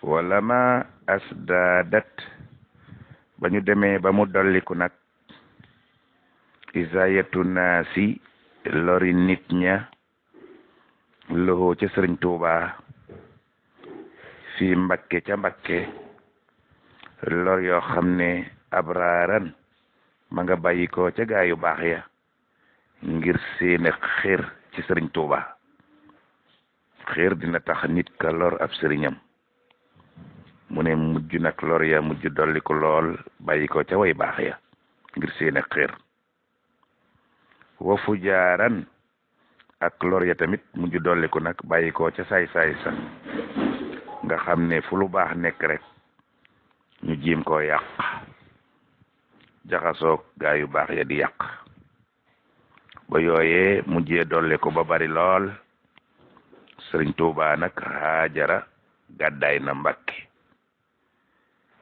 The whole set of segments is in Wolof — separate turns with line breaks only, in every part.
wala ma asdaadat ba ñu demee ba mu dolliku nag isaayatu naa si lori nit ña loxo ca sëriñ tuuba fii mbakke ca mbakke lor yoo xam ne abraaran ma nga bàyyikoo ko yu baax ya ngir seeni xéer ci sëriñ tuuba xéer dina tax nit ka lor ab sëriñam mu ne mujj nag lor ya mujj dolli lool bàyyi ko ca way baax ya ngir seen a xër wa fujaaran ak lor ya tamit mujj dolli nag bàyyi ca saay-saay sa nga xam ne fu lu baax nekk rek ñu jiim koo yàq jaxasoog gaa yu baax ya di yàq ba yooyee mujjee dolli ko ba bari lool sëriñ Tuubaa nag haajara gàddaay na Mbàkke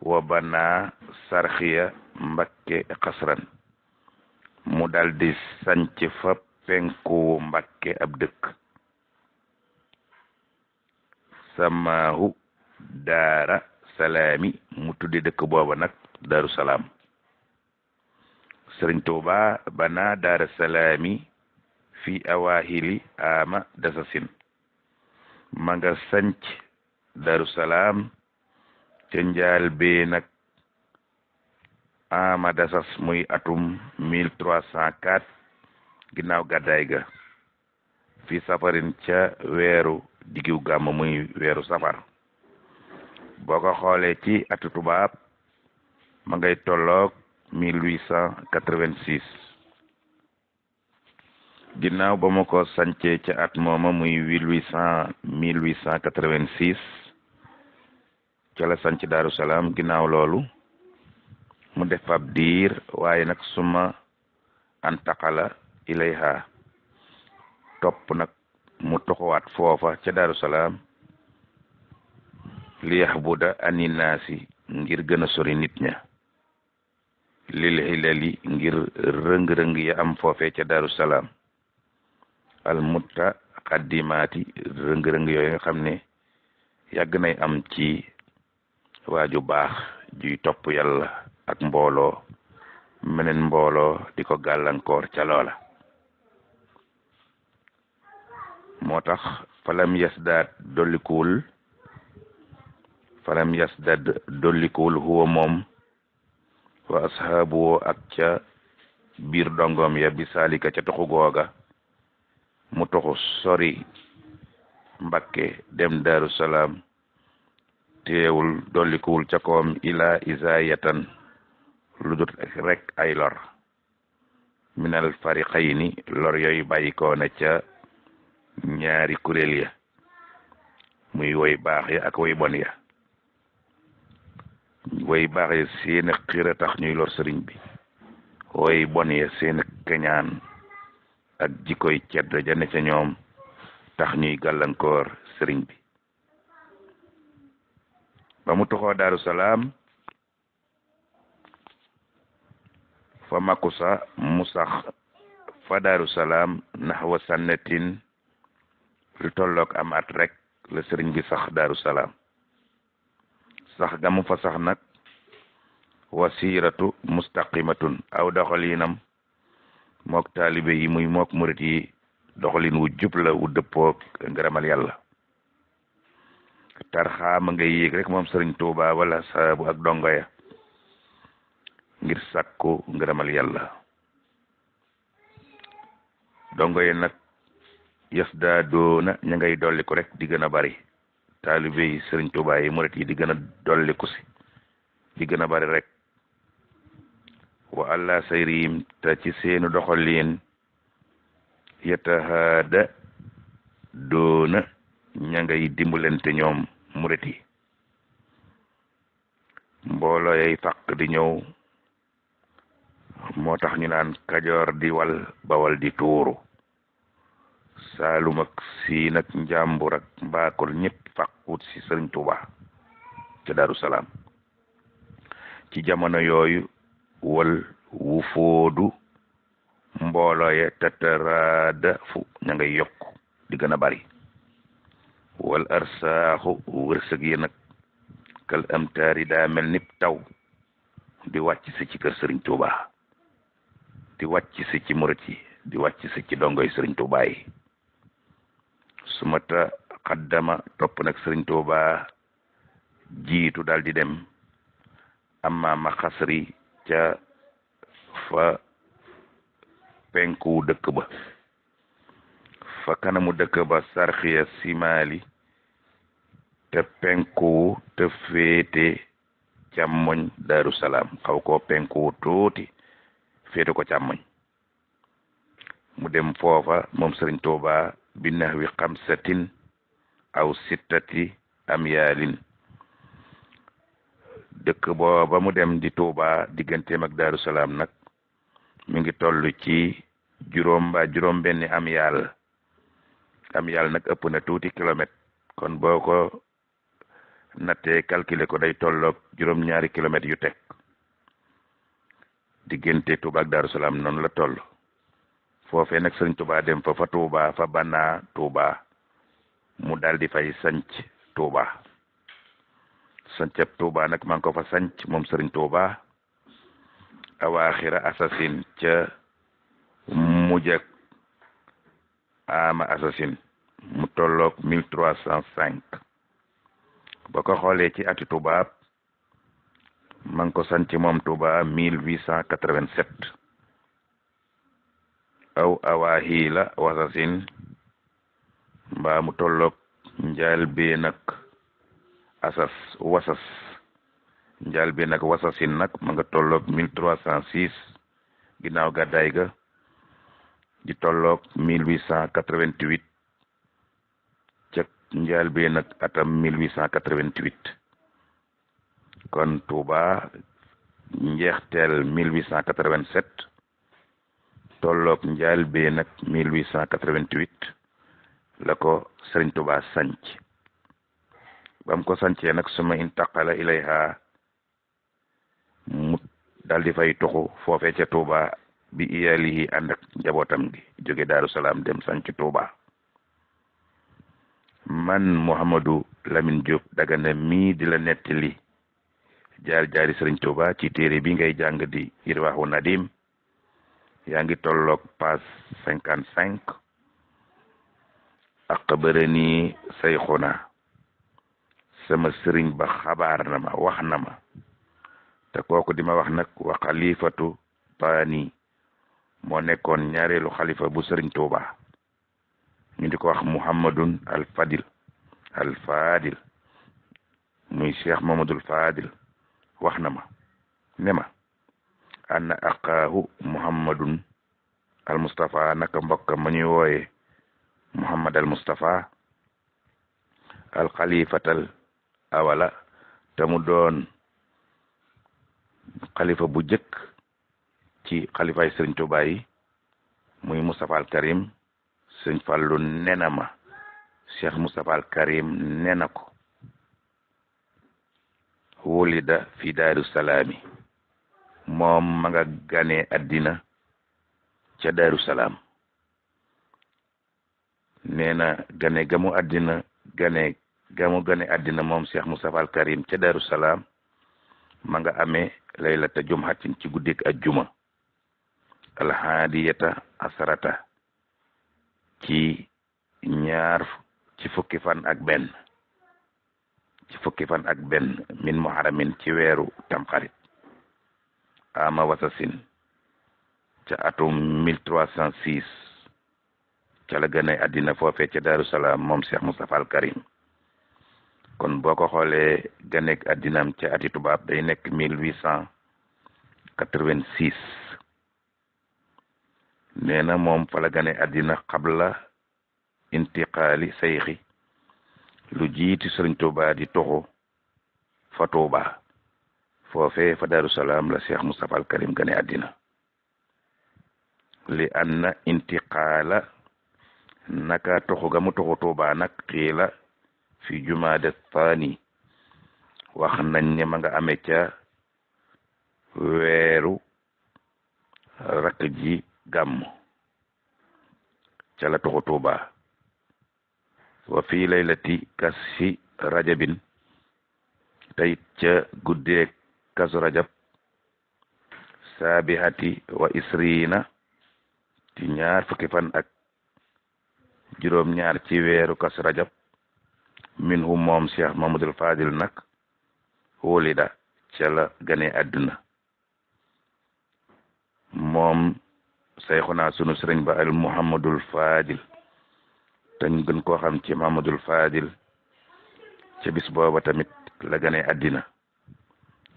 wa bana sarxiya mbakke xasran mu daldi sanc fa penku mbakke ab dëkk samaahu daara salaami mu tuddi dëkk booba nag daaru salaam sëriñ tuuba bana daara salaami fi awahili ama dasasin maga nga sanc salaam ca njaal bee nag Amada muy atum mille trois cent quatre ginnaaw gàddaay ga fi safarin ca weeru diggu gàmm muy weeru safar boo ko xoolee ci at tubaab ma ngay tolloog mille huit cent quatre-vingt-six ginnaaw ba ma ko sancee ca at mooma muy mille huit cent mille huit cent quatre-vingt-six ca la sanc Daaru Salaam ginnaaw loolu mu def ab diir waaye nag suma antaqala ilayha topp nag mu toxuwaat foofa ca Daaru Salaam liyax buda aninaasi ngir gën a sori nit ña lil xilali ngir rëng-rëng ya am foofe ca Daaru Salaam al mutta xaddimaati rëng-rëng yooyu xam ne yàgg nay am ci waaju baax juy topp yalla ak mbooloo meneen mbooloo di ko gàllankoor ca moo tax falam yasdaad dollikuwul falam yasdaad dollikuwul huwa moom wa ashaabu ak ca biir dongoom ya bi ca tuxu googa mu tuxu sori mbakke dem daaru salaam téewul dollikuwul ca koom ila isaayatan lu dut rek ay lor minal fariqayni lor yooyu bàyyikoo na ca ñaari kuréel ya muy woy baax ya ak woy bon ya woy baax ya seeni xiira tax ñuy lor sëriñ bi woy bon ya seeni keñaan ak jikkoy cedd ja ne ca ñoom tax ñuy gàllankoor sëriñ bi ba mu toxoo Daaru Salaam fa makusa mu sax fa Daaru Salaam naxwa sannatin lu tolloog am at rek la sëriñ bi sax Daaru Salaam sax ga fa sax nag wasiratu mustaqimatun aw doxalinam mook taalibe yi muy mook murit yi doxalin wu jub la wu dëppoog ngërëmal yàlla tarxaa ma ngay rek moom sëriñ Tuuba wala saabu ak dongo ya ngir sàkku ngërëmal yàlla dongo ya nag yas daa doona ña ngay dolliku rek di gën a bari taalibe yi sëriñ Tuuba yi murit yi di gën a dolliku si di gën a bari rek wa allah sayrim te ci seenu doxalin yatahaada doona ña ngay dimbalante ñoom murit yi mbooloo yay fàq di ñëw moo tax ñu naan kajoor di wal bawal di tuuru saalum ak siin ak njàmbur ak mbaakol ñëpp fàq wut ci sëriñ tuuba ca daru salaam ci jamono yooyu wal wu foodu mbooloo yee tataraada fu ña ngay yokk di gën a bari wal arsaaxu wërsëg yi kal amtaari daa mel ni taw di wàcc si ci kër sëriñ Touba di wàcc si ci murit di wàcc si ci dongoy sëriñ Touba yi su ma topp nag sëriñ Touba jiitu dal di dem amma ma xasri ca fa penku dëkk ba fa kanamu dëkk ba sarxiya simaali te penkuwu te féete càmmoñ daru salaam xaw ko penkuwu tuuti féete ko càmmoñ mu dem foofa moom sëriñ Tuuba bi wi xamsatin aw sittati am yaalin dëkk booba mu dem di Tuuba digganteem ak daru salaam nag mi ngi tollu ci juróom ba juróom benni am yàlla am yàlla nag ëpp na tuuti kilomètre kon boo ko nattee calculer ko day tolloog juróom-ñaari kilomètres yu teg diggante Touba ak Darou Salaam noonu la toll foofee nag sëñ Touba dem fa fa fa banaa Touba mu daal di fay sanc Touba sancab Touba nag maa ngi ko fa sanc moom sëriñ Touba awaaxira asasin ca mujj ak ama assasine mu tolloog mille trois cent cinq ba ko xoolee ci ati tubaab ma ngi ko sanc moom Touba mille huit cent quatre vingt sept aw awaahi la wasasin mba mu tollook njaal bee nag asas wasas njaal bee nag wasasin nag ma nga tolloog mille trois cent six ginnaaw gàddaay ga di tollook mille huit cent quatre-vingt-huit ca njaal bi nag atam mille huit cent quatre-vingt-huit kon Touba njeexteel mille huit cent quatre-vingt-sept tolloog njaal bi nag mille huit cent quatre-vingt-huit la ko Sëriñ Touba sanc bam ko sancee nag suma intaqala ilayha mu daal di fay toxu foofee ca Touba bi iyaalihi ànd ak njabootam gi jóge daaru salaam dem sanc tuuba man lamin Lamine Diop Dagana mii di la nettali jaar jaari sëriñ tuuba ci téere bi ngay jàng di irwaaxu nadim yaa ngi tollook paas cinquante cinq axbarani sayxuna sama sëriñ ba xabaar na ma wax na ma te kooku di ma wax nag wa xalifatu taani moo nekkoon ñaareelu xalifa bu sëriñ tooba ñu di ko wax Muhammadun al Fadil al Fadil muy cheikh Mamadul Fadil wax na ma ne ma anna aqaahu Muhammadun al Mustapha naka mbokka ma ñuy wooye Muhammad al Mustapha al xalifatal awala te mu doon xalifa bu jëkk ci xalifaay sëriñ Tuubaa muy Moustapha al Karim sëñ nena ma Cheikh Moustapha al Karim nena ko wulida fi daaru salaami moom ma nga ganee addina ca daaru salaam nee na gane gamu addina gane gamu gane addina moom Cheikh Moustapha al Karim ca daaru salaam ma nga amee laylata jumhatin ci guddik juma alhaadiyata asarata ci ñaar ci fukki fan ak benn ci fukki fan ak benn min muharamin ci weeru tamxarit ama wasasin ca atum mille trois cent six ca la gën a àddina foofee ca Daaru Salaam moom Cheikh Moustapha al Karim kon boo ko xoolee ganeek àddinaam ca ati tubaab day nekk mille huit cent quatre-vingt-six nee na moom fala gane àddina xabla intiqaali sayxi lu jiiti sëriñ Tuuba di toxo fa Tuuba foofee fa Daaru la Cheikh Moustapha al Karim gane àddina li anna intiqaala naka toxu ga mu toxu Tuuba nag xiila fi jumaada thani wax nañ ne ma nga amee ca weeru rakk gàmm ca la toxu tuuba wa fii laylati kasfi rajabin tayit ca guddeeg kasu rajab saabihati wa isriina ci ñaar fukki fan ak juróom ñaar ci weeru kasu rajab min hu moom cheikh mamadul fadil nag wulida ca gane àdduna moom sayxunaa sunu sëriñ ba al muhammadul fadil dañ gën koo xam ci muhammadul fadil ca bis booba tamit la gane àddina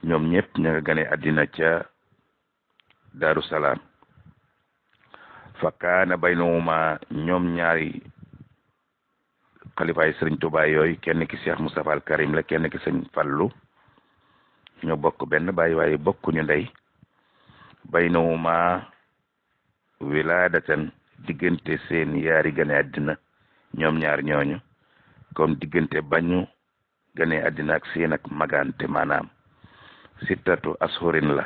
ñoom ñëpp ña nga gane àddina ca daaru salaam fa kaana baynahuma ñoom ñaari xalifaay sëriñ Tuubaa yooyu kenn ki Cheikh Moustapha al Karim la kenn ki sëñ Fallu ñoo bokk benn bay waaye bokkuñu ndey baynahuma wilaadatan diggante seen yaari gane àddina ñoom ñaar ñooñu kom diggante bañu gane àddina ak seen ak magante maanaam sittatu ashurin la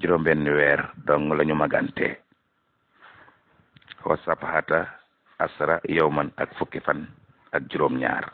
juróom benn weer dong lañu magante wa sabhata asra yowman ak fukki fan ak juróom ñaar